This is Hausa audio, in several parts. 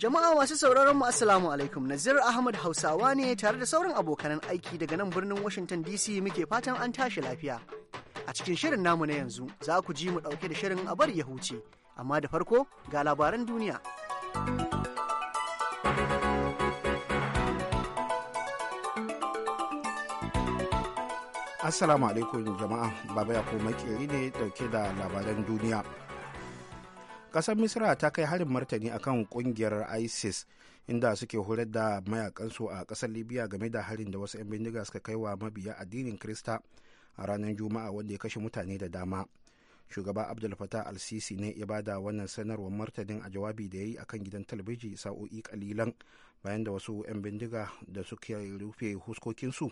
Jama'a masu sauraron mu Assalamu alaikum Nazir Ahmad Hausawa ne tare da sauran abokanan aiki daga nan birnin Washington DC muke fatan an tashi lafiya. A cikin shirin namu na yanzu za ku ji mu ɗauke da shirin a bar ya huce, amma da farko ga labaran duniya. Assalamu alaikum jama'a, Baba Yakubu Makeri ne dauke da labaran duniya. kasar misira ta kai harin martani akan kungiyar isis inda suke horar da mayakansu a kasar libya game da harin da wasu 'yan bindiga suka kai wa mabiya addinin krista a ranar juma'a wanda ya kashe mutane da dama shugaba abdul fatah al-sisi ne ya bada wannan sanarwar martanin a jawabi da ya yi akan gidan talabijin sa'o'i kalilan bayan da wasu 'yan bindiga da suke rufe huskokinsu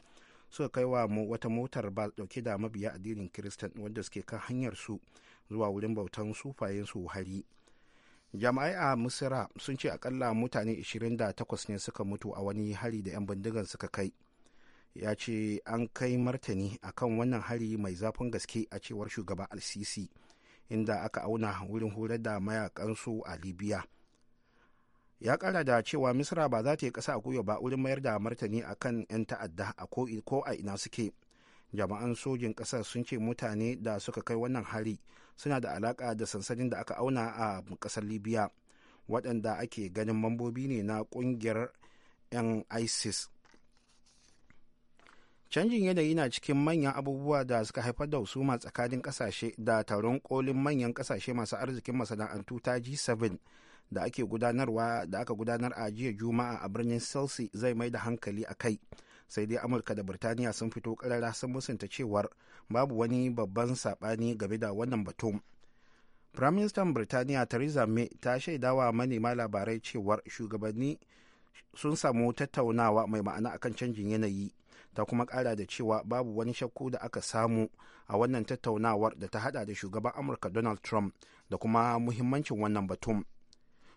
suka kai wa wata motar ba dauke da mabiya addinin kiristan wanda suke kan hanyar su zuwa wurin bautan sufayen su hari jama'ai a misira sun ce akalla mutane 28 ne suka mutu a wani hari da 'yan bindigan suka kai ya ce an kai martani akan wannan hari mai zafin gaske a cewar shugaba al-sisi inda aka auna wurin horar da mayakansu a libya ya kara da cewa misira ba za ta yi kasa a ba wurin mayar da martani akan 'yan ta'adda a ko a ina suke jama'an sojin ƙasar sun ce mutane da suka kai wannan hari suna da alaƙa da sansanin da aka auna a ƙasar libya waɗanda ake ganin mambobi ne na ƙungiyar 'yan isis canjin yanayi na cikin manyan abubuwa da suka haifar da husuma tsakanin kasashe da taron kolin manyan kasashe masu arzikin masana'antu ta g7 da ake gudanarwa da aka gudanar a jiya juma'a a birnin celsi zai mai da hankali a kai sai dai amurka da birtaniya sun fito karara sun musanta cewar babu wani babban saɓani game da wannan batun firaministan birtaniya theresa may ta shaidawa manema labarai cewar shugabanni sun samu tattaunawa mai ma'ana akan canjin yanayi ta kuma kara da cewa babu wani shakku da aka samu a wannan tattaunawar da ta hada da shugaban amurka donald trump da kuma muhimmancin wannan batun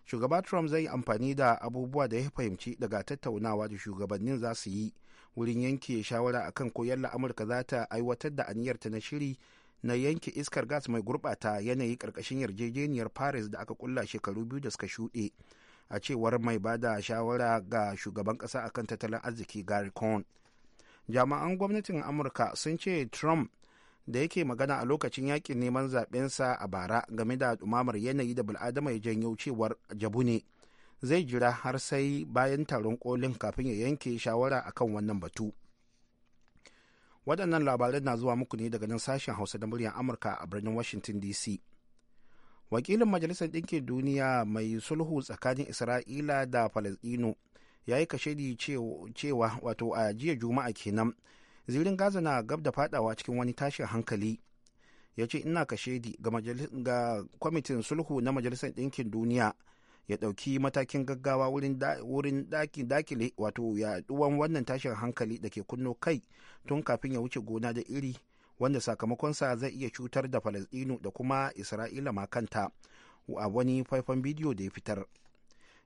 shugaba trump zai amfani da abubuwa da ya fahimci daga tattaunawa da shugabannin za su yi wurin yanke shawara akan koyar la amurka za ta aiwatar da aniyarta na shiri na yanke iskar gas mai gurbata yanayi karkashin yarjejeniyar paris da aka kulla shekaru biyu da suka shuɗe a cewar mai ba da shawara ga shugaban ƙasa akan tattalin arziki gary cohn jami'an gwamnatin amurka sun ce trump da yake magana a lokacin yakin neman zaɓensa a bara game da ɗumamar yanayi da bul'adama ya janyo cewar jabu ne zai jira har sai bayan taron kolin kafin ya yanke shawara akan wannan batu waɗannan labarai na zuwa muku ne daga nan sashen hausa da muryar amurka a birnin washington dc wakilin majalisar ɗinkin duniya mai sulhu tsakanin isra'ila da falasɗinu ya yi kashedi cewa wato a jiya juma'a kenan zirin gaza na gab da fadawa cikin wani tashin hankali ya ce ina kashedi ga kwamitin sulhu na majalisar ɗinkin duniya ya dauki matakin gaggawa wurin dakile wato yaɗuwan wannan tashin hankali da ke kunno kai tun kafin ya wuce gona da iri wanda sakamakonsa zai iya cutar da falasɗinu da kuma isra'ila ma kanta a wani faifan bidiyo da ya fitar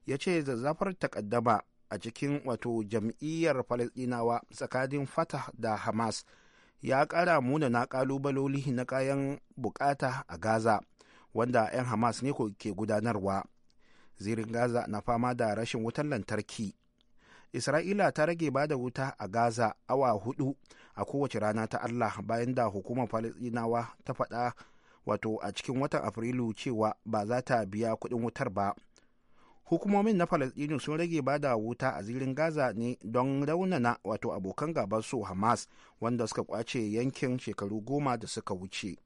ya ce zazzafar takaddama a cikin wato jam'iyyar falasɗinawa tsakanin fatah da hamas ya kara ƙara na kalubaloli na kayan bukata a gaza wanda 'yan hamas ne ke gudanarwa zirin gaza na fama da rashin wutar lantarki isra'ila ta rage bada wuta a gaza awa hudu a kowace rana ta allah bayan da hukumar falasɗinawa ta faɗa wato a cikin watan afrilu cewa ba za ta biya kuɗin wutar ba hukumomin na falasɗinu sun rage bada wuta a zirin gaza ne don raunana wato abokan gabar su hamas wanda suka kwace yankin shekaru goma da suka wuce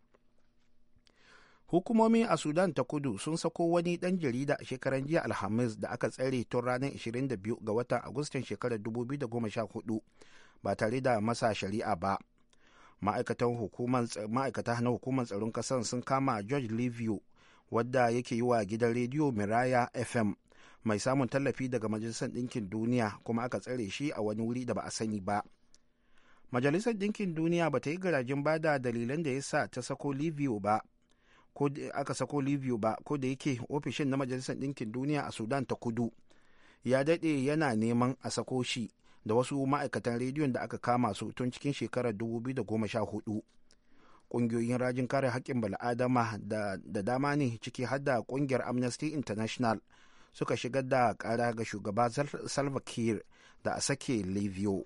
hukumomi a sudan ta kudu sun sako wani dan jarida a shekaran jiya alhamis da aka tsare tun ranar 22 ga watan agustan shekarar 2014 ba tare da masa shari'a ba ma'aikata na hukumar tsaron kasan sun kama george livio wadda yake yi wa gidan rediyo miraya fm mai samun tallafi daga majalisar ɗinkin duniya kuma aka tsare shi a wani wuri da ba a sani ba majalisar ɗinkin duniya ba ta yi garajin bada dalilan da ya sa ta sako livio ba ko aka sako livio ba ko da yake ofishin na majalisar ɗinkin duniya a sudan ta kudu ya daɗe yana neman a sako shi da wasu ma'aikatan rediyon da aka kama su tun cikin shekarar 2014 ƙungiyoyin rajin kare haƙƙin bala'adama da dama ne ciki har da ƙungiyar amnesty international suka shigar da ƙara ga shugaba salva kiir da a sake livio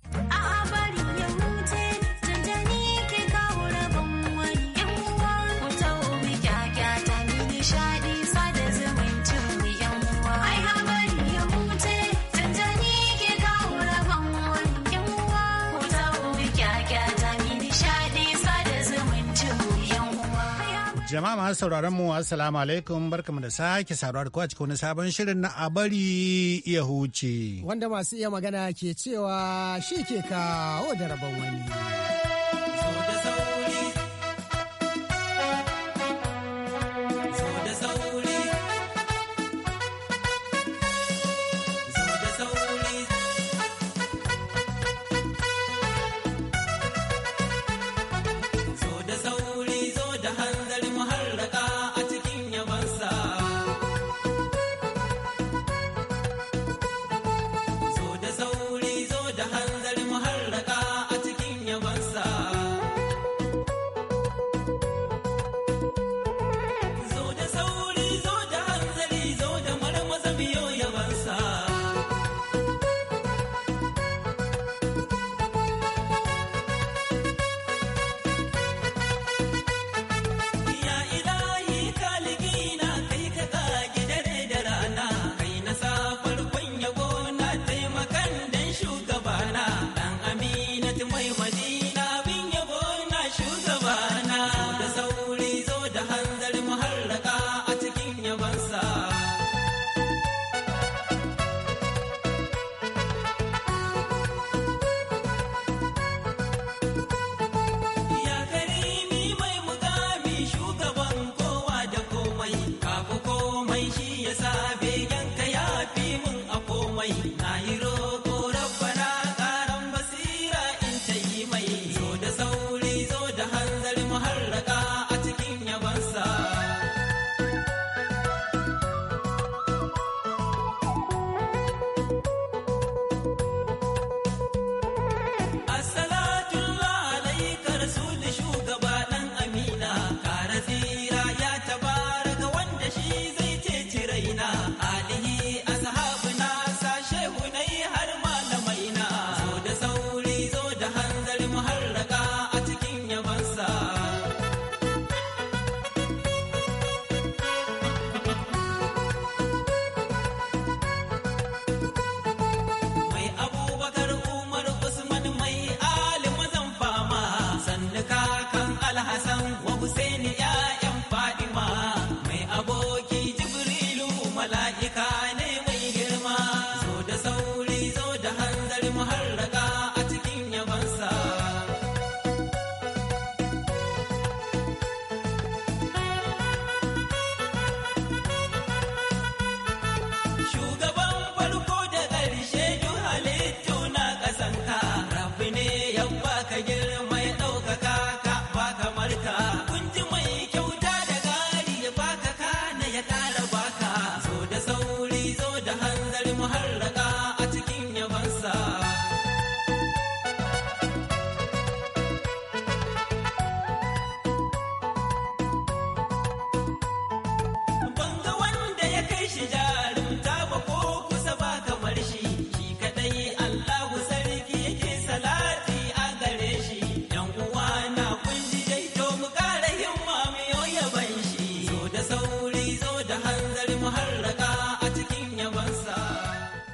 Jama'a masu sauraron mu assalamu alaikum barkamu da sake saduwa da a cikin wani sabon shirin na a bari iya huce. Wanda masu iya magana ke cewa shi ke kawo da rabon wani.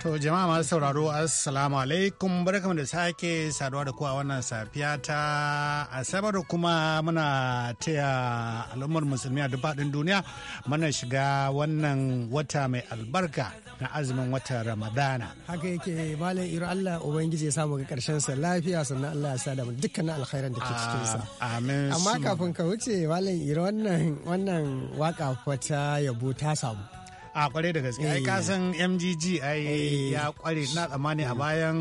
To jama'a masu sauraro assalamu alaikum barkamu da sake saduwa da kuwa a wannan safiya ta asabar kuma muna taya al'ummar musulmi a faɗin duniya mana shiga wannan wata mai albarka na azumin wata ramadana. Haka yake malam iro Allah ubangiji ya samu ga karshen sa lafiya sannan Allah ya sada mu dukkanin alkhairan da ke ah, cikinsa. sa. Amin. Amma kafin ka wuce malam iro wannan wannan waka fata yabo ta samu. a kware da gaske ai kasan eh. mgg ai eh. ya kware na tsamani a bayan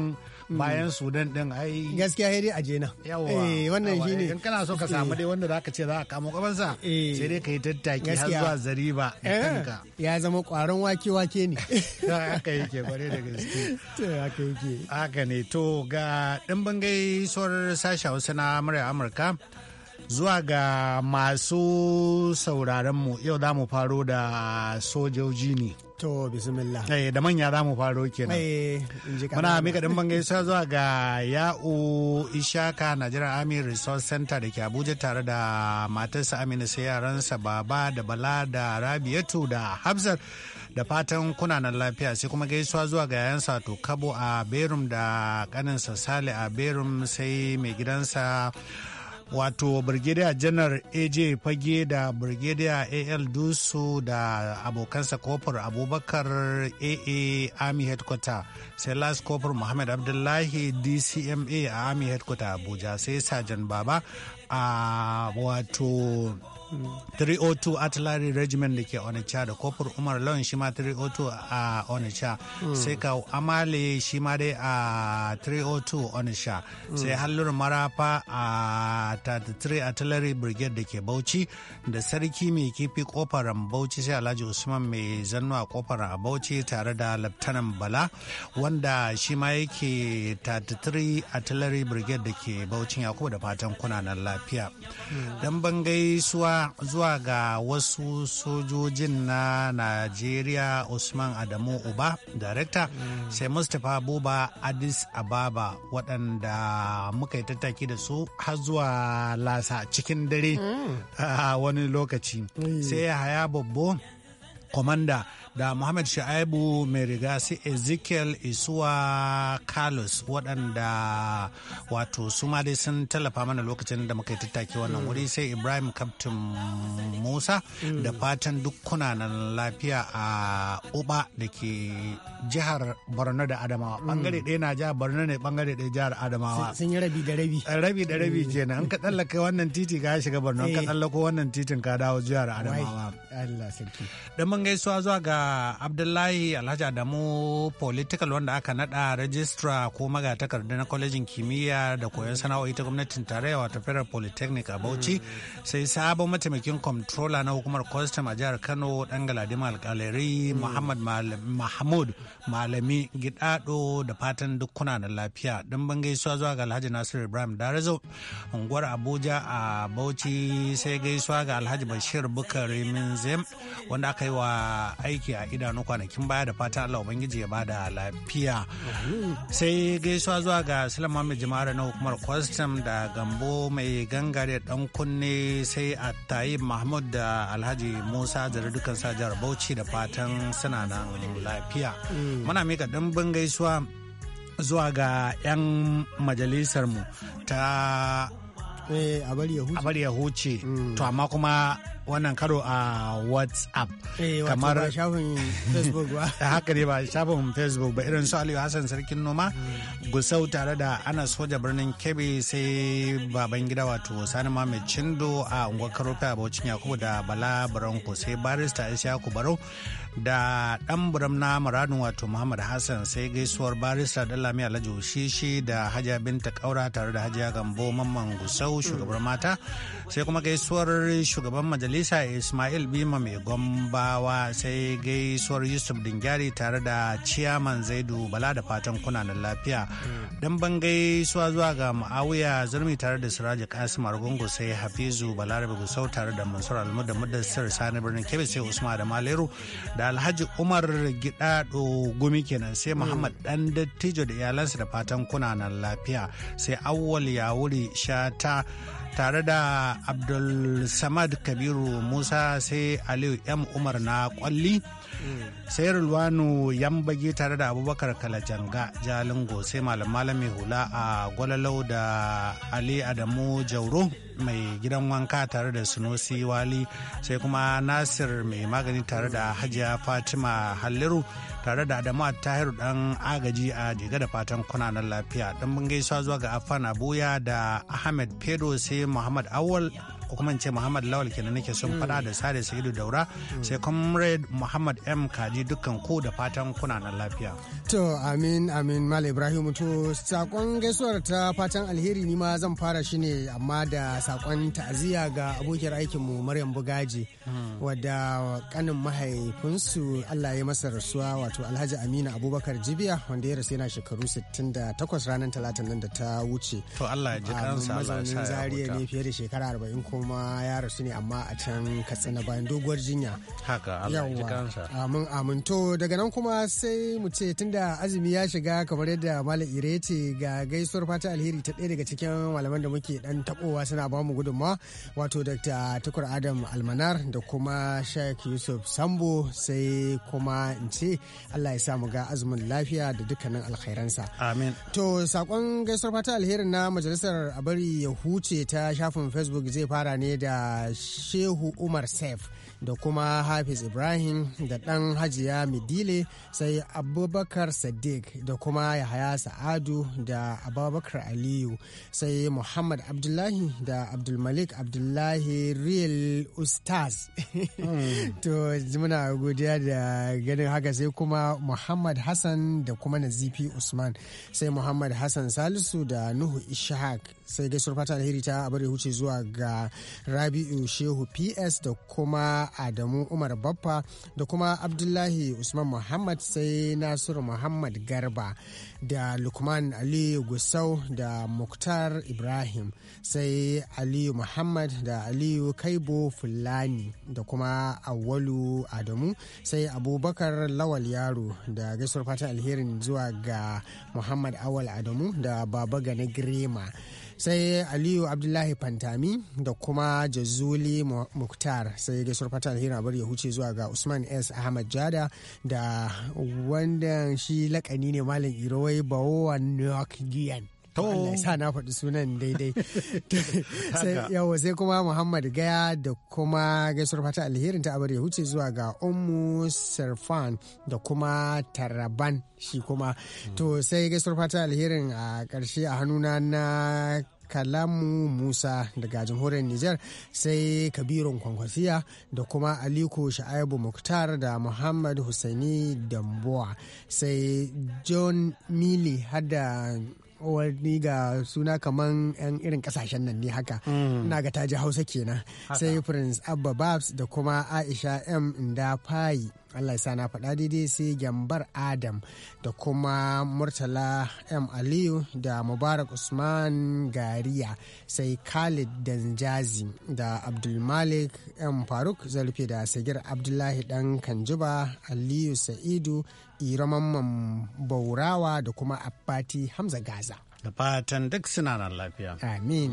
mm. bayan sudan din ai gaskiya sai dai a jena yawa eh, wannan shine in kana so ka samu dai wanda zaka ce za ka kamo sa. sai dai ka yi tattaki har zuwa zariba kanka ya zama kwaron wake wake ne haka yake kware da gaske haka yake haka ne to ga dimbin gaisuwar sashi hausa na murya amurka zuwa ga masu sauraronmu yau za mu faro da sojoji ne. To bismillah. Eh da manya za mu faro kenan. Eh, muna mika din bangai sa zuwa ga Ya'u Ishaka Nigerian Army Resource Center da ke Abuja tare da matarsa Amina sai yaransa Baba da Bala da Rabiatu da Hafsat da fatan kuna nan lafiya sai kuma gaisuwa zuwa ga yayansa to Kabo a Berum da kaninsa Sale a Berum sai mai gidansa wato brigadier janar aj fage da brigadier al dusu da abokansa kofar abubakar aa army headquarter sai last kofar muhammad abdullahi dcma a army headquarter abuja sai sajan baba a wato 302 artillery regiment da ke onitsha da kofar umar lawan shi ma 302 a onitsha hmm. sai ka amale shi ma dai a 302 onitsha hmm. sai hallur marafa a 33 artillery brigade da ke bauchi da sarki mai kifi kofar bauchi sai alhaji usman mai zannu a kofar a bauchi tare da laftanan bala wanda shi ma yake 33 artillery brigade da ke bauchin yakubu da fatan kuna nan lafiya hmm. dan bangai suwa zuwa ga wasu sojojin na Najeriya Usman Adamu Uba, Darekta, mm. sai Mustapha Buba Addis Ababa waɗanda muka yi tattaki da su har zuwa lasa cikin dare mm. a wani lokaci. Mm. Sai haya babbo, komanda. da Muhammad Sha'aibu mai riga si Ezekiel Isuwa Carlos waɗanda wato su ma dai sun tallafa mana lokacin da muka yi tattaki wannan wuri sai Ibrahim Captain Musa da fatan dukkuna kunanan lafiya a Uba da ke jihar Borno da Adamawa. Bangare ɗaya na jihar Borno ne bangare ɗaya jihar Adamawa. Sun yi rabi da rabi. Rabi da rabi kenan. In ka tsallaka wannan titi ka shiga Borno, in ka eh. tsallako wannan titin ka dawo jihar Adamawa. Allah sarki. Dan mun gaisuwa zuwa ga Abdullahi Alhaji Adamu political wanda aka nada rajistra ko magatakarda na kwalejin kimiyya da koyon sana'o'i ta gwamnatin tarayya wato Federal Polytechnic a Bauchi sai sabon mataimakin controller na hukumar custom a jihar Kano dan Galadima Alkalari Muhammad Mahmud Malami Gidado da fatan duk kuna da lafiya dan ban gaisuwa zuwa ga Alhaji Nasir Ibrahim Darazo unguwar Abuja a Bauchi sai gaisuwa ga Alhaji Bashir Bukari Minzem wanda aka yi wa aiki a idanu kwanakin baya da fatan Allah Ubangiji ya bada lafiya. Sai gaisuwa zuwa ga Sulaiman Muhammad Jimara na hukumar Kwastam da Gambo mai gangare dan kunne sai a tayi Mahmud da Alhaji Musa da dukkan sa jihar Bauchi da fatan suna nan lafiya. Muna mika dimbin gaisuwa zuwa ga 'yan mu ta eh, a bari ya huce mm. to amma kuma wannan karo a whatsapp eh, kamar shafin facebook ba haka ne ba shafin facebook ba irin su aliyu hassan sarkin noma hmm. gusau tare da ana soja birnin kebe sai baban gida wato sani mamed cindo a unguwar karo a baucin yakubu da bala Baranku sai barista ishaku Baro da dan buram na muradun wato muhammad hassan sai gaisuwar barista dalami alhaji shishi da hajiya binta kaura tare da hajiya gambo mamman gusau hmm. shugabar mata sai kuma gaisuwar shugaban majalisar lisa Ismail Bima mai gombawa sai gaisuwar Yusuf Dingari tare da ciyaman Zaidu Bala da fatan kunanan lafiya. Hmm. Dan ban gaisuwa zuwa ga Ma'awiya Zurmi tare da Siraji Kasim Argungu sai Hafizu Balarabe Gusau tare da Mansur Almu da Mudassir Sani Birnin Kebbi sai Usman da maleru da Alhaji Umar Gidado Gumi kenan sai hmm. Muhammad Dan Dattijo da iyalansa da fatan kunanan lafiya sai Awwal Yawuri Shata tare da Abdul Samad Kabiru Musa sai Aliyu M Umar na kwalli sai rulwanu bage tare da abubakar kalajanga jalingo sai malam malam hula a gwalalau da ali adamu jauro mai gidan wanka tare da sunosi wali sai kuma nasir mai magani tare da hajiya fatima halliru tare da adamu tahiru dan agaji a jiga da fatan kunanan lafiya dan mun gaisuwa zuwa ga afan abuya da ahmed pedro sai muhammad awal ko kuma in ce muhammad lawal kenan nake son faɗa da sare sa'idu daura sai comrade muhammad m kaji dukkan ku da fatan kuna nan lafiya to amin amin mal ibrahim to sakon gaisuwar ta fatan alheri ni ma zan fara shi ne amma da sakon ta'aziyya ga abokiyar aikin mu maryam bugaji wadda kanin mahaifinsu allah ya masa rasuwa wato alhaji aminu abubakar jibiya wanda ya rasu yana shekaru 68 ranar talatin nan da ta wuce to allah ya ji kansa mazaunin zariya ne fiye da shekara 40 ko kuma ya rasu ne amma a can katsina bayan doguwar jinya haka yawa amin amin to daga nan kuma sai mu ce tunda azumi ya shiga kamar yadda malam ire ce ga gaisuwar fata alheri ta ɗaya daga cikin malaman da muke dan tabowa suna ba mu gudunmawa wato dr tukur adam almanar da kuma sheikh yusuf sambo sai kuma in ce allah ya sa mu ga azumin lafiya da dukkanin alkhairansa amin to sakon gaisuwar fata alherin na majalisar abari ya huce ta shafin facebook zai fara fara ne da Shehu Umar Saif. da kuma hafiz ibrahim da ɗan hajiya midile sai abubakar sadiq da kuma yahaya sa'adu da abubakar aliyu sai muhammad abdullahi da abdulmalik abdullahi real ustaz to muna godiya da ganin haka sai kuma muhammad hassan da kuma nazifi usman sai muhammad hassan salisu da nuhu ishaq sai gaisuwar fata alheri ta abar huce zuwa ga rabi'u shehu ps da kuma Adamu Umar Baffa da kuma Abdullahi Usman Muhammad sai Nasiru Muhammad Garba da Lukman Aliyu Gusau da Muktar Ibrahim sai Aliyu Muhammad da Aliyu Kaibo Fulani da kuma Awalu Adamu sai Abubakar Lawal Yaro da gaisuwar fata alherin zuwa ga Muhammad Awal Adamu da Baba Gane Girema. sai aliyu abdullahi fantami da kuma jazuli muktar sai gaisuwar fata alheri abar ya huce zuwa ga usman s ahmad jada da wanda shi lakani ne malam irowai bawowa new york giyan Allah ya sa na faɗi sunan daidai sai sai kuma Muhammad Gaya da kuma gaisuwar fata alherin ta abar ya huce zuwa ga Ummu Sarfan da kuma Taraban shi kuma to sai gaisuwar fata alherin a ƙarshe a hannuna na kalamu musa daga jamhuriyar Nijar sai kabirun kwankwasiya da kuma aliko sha'aibu muktar da muhammad husaini damboa sai john mili hada wani ga suna kaman yan irin kasashen nan ne haka mm. ina ga taji hausa kenan sai prince abba babs da kuma aisha m inda fayi allah ya sa na faɗa daidai sai gyambar adam da kuma murtala m aliyu da mubarak usman gariya sai khalid danjazi da abdulmalik m faruk zalfi da sagir abdullahi dan kanjuba aliyu sa'idu iramamman baurawa da kuma abati hamza gaza da fatan duk suna nan lafiya amin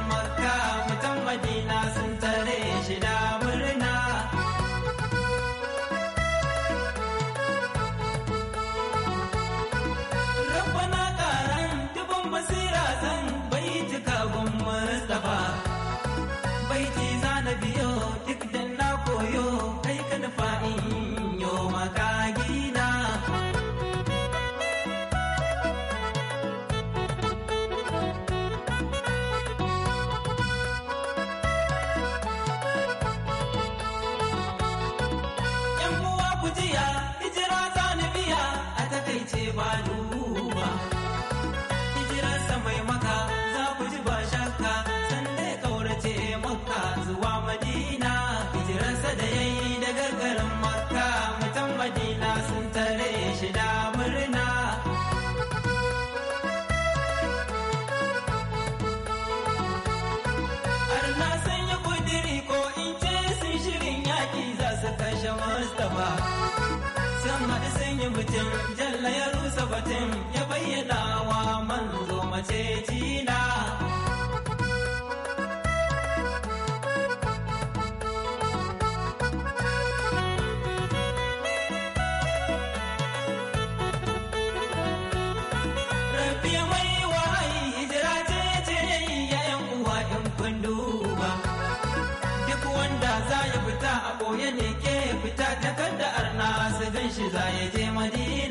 batun jalla ya rusa batun ya bayyana wa manzo mace cina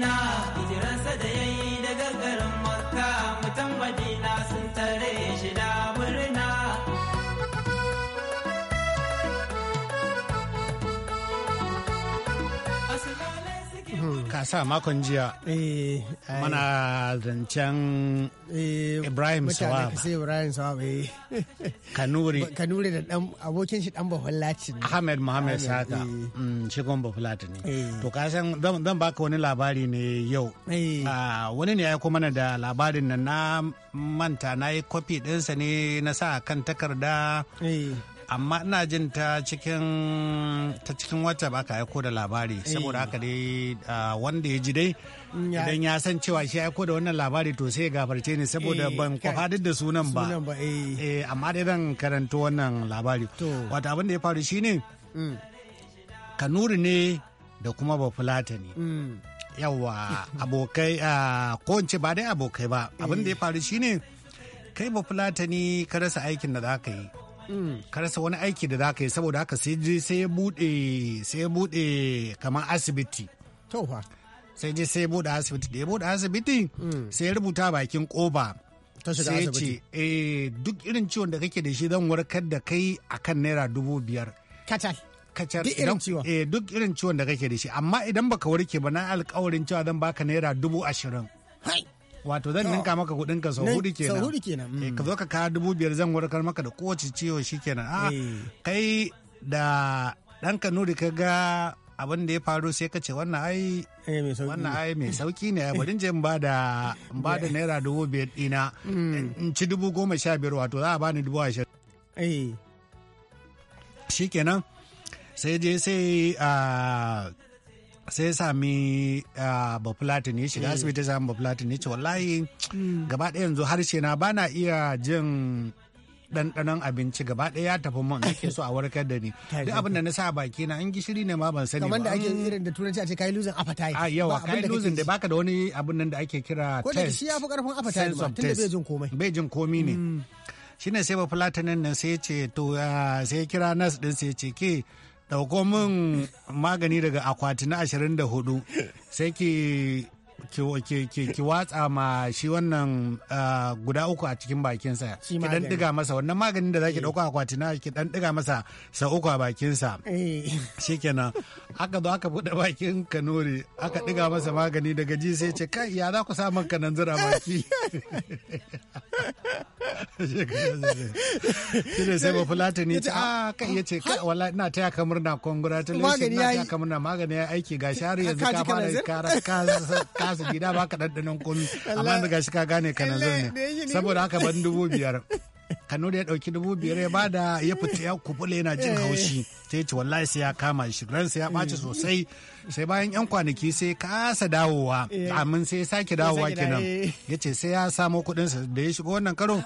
madina hijiransa da yayi daga garin makka mutan madina sun tare shi da murna hmm, makon jiya eh, eh. mana zancen eh, ibrahim sawab ibrahim kanuri kanuri da dan abokin shi dan ahmed sata eh. mm, shi kuma bafulata ne eh. to ka san zan baka wani labari ne yau eh. ah, wani ne ya kuma mana da labarin nan na manta na yi kofi ɗinsa ne na sa kan takarda amma ina jin ta cikin ta cikin wata ba ka aiko da labari eh. saboda haka dai wanda ya ji dai mm, idan ya san cewa shi aiko da wannan labari to sai gafarce ne saboda eh, ban kwafa duk da sunan ba eh. amma dai zan karanto wannan labari wato abin da ya faru shine mm. kanuri ne da kuma fulata ne mm. yawa abokai kowace ba dai abokai ba abin da ya faru shine kai fulata ne ka rasa aikin da za ka yi ka rasa wani aiki da zaka yi saboda haka sai je sai ya bude sai ya bude kamar asibiti to fa sai je sai ya bude asibiti da ya bude asibiti hmm. sai ya rubuta bakin koba sai ce eh duk irin ciwon da kake da shi zan warkar da kai akan naira dubu biyar kacal kacal duk irin ciwon eh duk irin ciwon da kake da shi amma idan baka warke ba na alƙawarin cewa zan baka naira dubu ashirin wato zan ninka maka kudin ka sau hudu kenan sau hudu kenan eh, mm. ka zo ka kawo dubu biyar zan warkar maka da kowace ciwo shikenan a ah, eh. kai da ɗanka nuri ka ga abin da ya faru sai ka ce wannan ai eh, wannan ai mai sauki ne bari je in ba da naira dubu biyar dina mm. in ci dubu goma sha biyar wato za a bani dubu ashirin shikenan sai je sai ah, sai ya sami bafulatin ya shiga eh. asibiti sami bafulatin ya ce wallahi hmm. gaba ɗaya yanzu harshe na na iya jin ɗanɗanon abinci gaba ɗaya ya tafi mun nake so a warkar da ni duk abin da na sa baki na an gishiri ne ma ban sani ba kamar da ake mm. irin da turanci a ce kai losing appetite a yawa kai losing da baka da wani abin nan da ake kira test ko da shi ya fi karfin appetite ba tunda bai jin komai bai jin komai ne hmm. shine sai ba platinum nan sai ya ce to sai ya kira nas din sai ya ce ke dauko min magani daga akwati na 24 sai ki ki watsa ma shi wannan ah, guda uku a cikin bakinsa ki dan diga masa wannan maganin da zaki eh. dauka akwati na ki dan diga masa sa uku a bakinsa eh. shikenan aka zo aka bude bakin kanori aka diga masa magani daga ji sai ce kai ya za ku sa man kananzira baki shi ne sai bafulata ne ce a ah, kai ya ce wala ina taya ka murna congratulations ina taya ka murna magani ya aiki ga har yanzu ka fara kara azumi da baka ɗanɗanon komi amma daga shi ka gane ka ne saboda haka ban dubu biyar kano da ya dauki dubu biyar ya bada ya fita ya kubule yana jin eh. haushi ta ce wallahi sai ya kama shi ran sai ya ɓaci eh. sosai sai bayan yan kwanaki sai kasa dawowa eh. amin sai ya sake dawowa kenan ya ce sai ya samo kudinsa da ya shiga wannan karo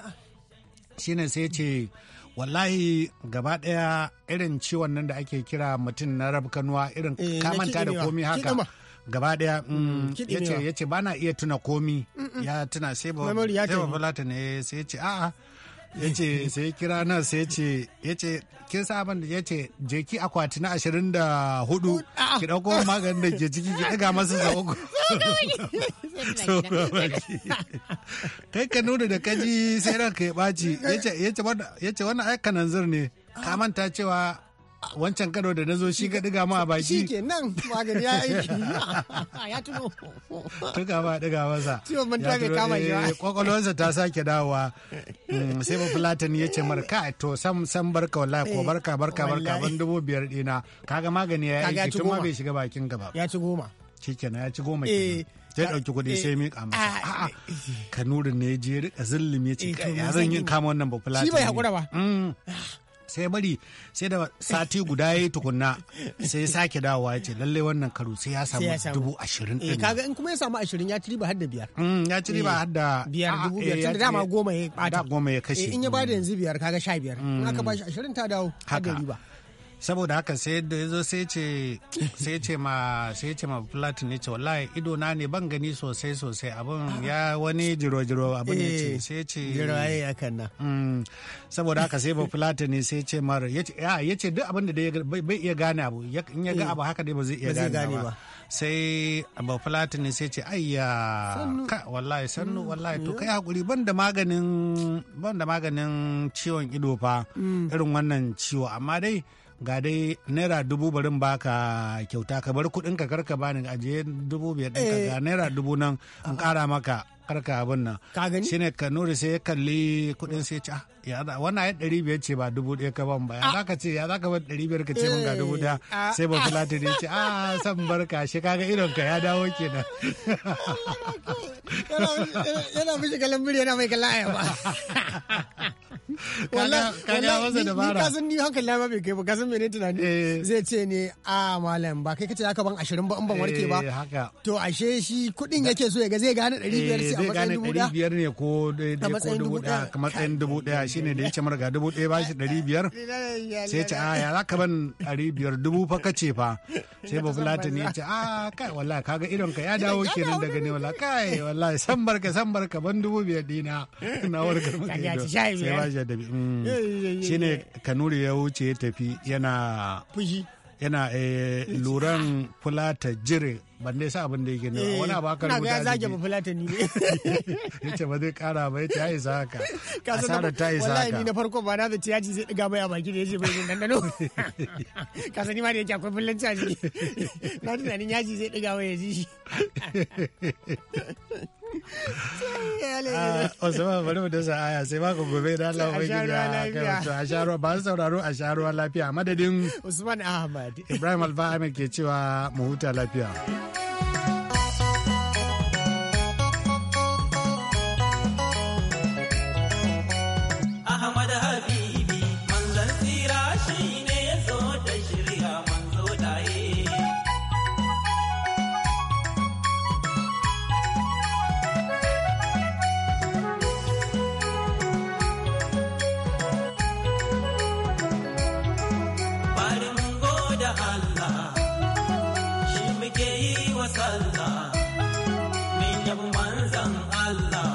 shine sai ce wallahi gaba daya irin ciwon nan da ake kira mutum na rabkanuwa irin kamanta da komi haka gaba daya mm, mm, ya ce ba na iya tuna komi ya tuna sai ba fulata ne sai ce a'a ya ce sai kira na sai ce ya ce kin sa abin da ya ce je ki akwati na ashirin da hudu ki dauko maganin da ke ciki ki daga masu sa uku kai ka nuna da kaji sai ka ya ɓaci ya ce wannan aikanan zir ne ka ah. manta cewa wancan karo da na zo shi ka diga ma a baki shi ke nan magani ya aiki ya tuno tuka ma diga masa ciwon mun tage kama yi eh, ta sake dawowa mm, sai ba fulatan ya ce mara ka to sam sam barka wallahi ko eh, barka barka barka ban dubu biyar dina kaga magani ya aiki tun ma bai shiga bakin gaba ya ci goma shikenan ya ci goma eh, kenan ya ɗauki kuɗi sai mi kama a'a kanurin ne je rika ya ce ya zan yin kama wannan ba fulatan shi bai hakura ba mm. ah. sai bari sai da sati guda ya yi tukunna sai ya sake dawowa ya ce lalle wannan karo sai ya samu dubu ashirin eh, ɗin kaga in kuma ya samu ashirin ya ci riba har da biyar mm, ya ci riba eh, har da biyar ah, dubu eh, biyar tunda dama goma ya goma ya kashe in ya bada mm. yanzu biyar kaga sha biyar in aka mm. bashi ashirin ta dawo haka. riba saboda haka sai da ya zo sai ce sai ce ma sai ce ma platin ne ce wallahi ido na ne ban gani sosai sosai abun ya wani jiro jiro abun ne ce sai ce jiro ai akan na mm. saboda haka sai ba platin ne sai ce mar ah, ya ce duk abin da bai iya gane abu in ya ga mm. abu haka dai ba zai iya gane ba sai ba platinum sai ce ayya ka wallahi sannu mm. wallahi to kai hakuri ban da maganin ban da maganin ciwon ido fa irin wannan ciwo amma dai ga dai naira dubu barin baka kyauta ka bar kuɗin ka karka bani ajiye dubu biyar ɗin ka eh. ga naira dubu nan an ƙara maka karka abin nan shi ne ka nuri sai ya kalli kuɗin sai ci ya da ah, wannan ya ɗari biyar ce ba dubu ɗaya ka ban ba ya ah. za ka ce ya za ka ɗari biyar ka ce min ga eh. dubu ɗaya ah. sai ba fulata ne ce a san barka shi kaga idon ka ya dawo kenan yana mishi kalan biri yana mai kallon ayaba wallahi ni kasan hankali na bai kai ba kasan mene tunani eh. zai ce ne a malam ba kai kace zaka ban ashirin ba in ban warke ba eh, to ashe shi kudin yake so ya ga zai gane 500 eh, sai a matsayin dubu da biyar ne ko a matsayin dubu da matsayin dubu da shine da yace marga dubu ɗaya ba shi 500 sai ce a ya zaka ban biyar dubu fa ce fa sai ba fulatani ya ce a kai wallahi kaga idon ka ya dawo kenan daga ne wallahi kai wallahi san barka san barka ban dubu biyar dina na warkar maka sai ba ya da mm. shine kanuri ya wuce ya tafi yana fushi yana eh, luran fulata jire ban dai sa abin da yake ne eh, wani abu aka rubuta ya zage ba fulata ni ne yace ba zai kara ba yace ya isa haka asara ta isa haka wallahi ni na farko ba na zaci yaji zai diga mai a baki da yace bai jin dandano ka sani ma da yake akwai fullan caji na tunanin yaji zai diga mai ya ji shi Usman ah, bari mu dasa aya sai mako gobe da Allah bai gida karatu a sharuwa ba sauraro a sharuwa lafiya madadin Usman Ahmad Ibrahim Alfa Ahmed ke cewa mu huta lafiya. Allah.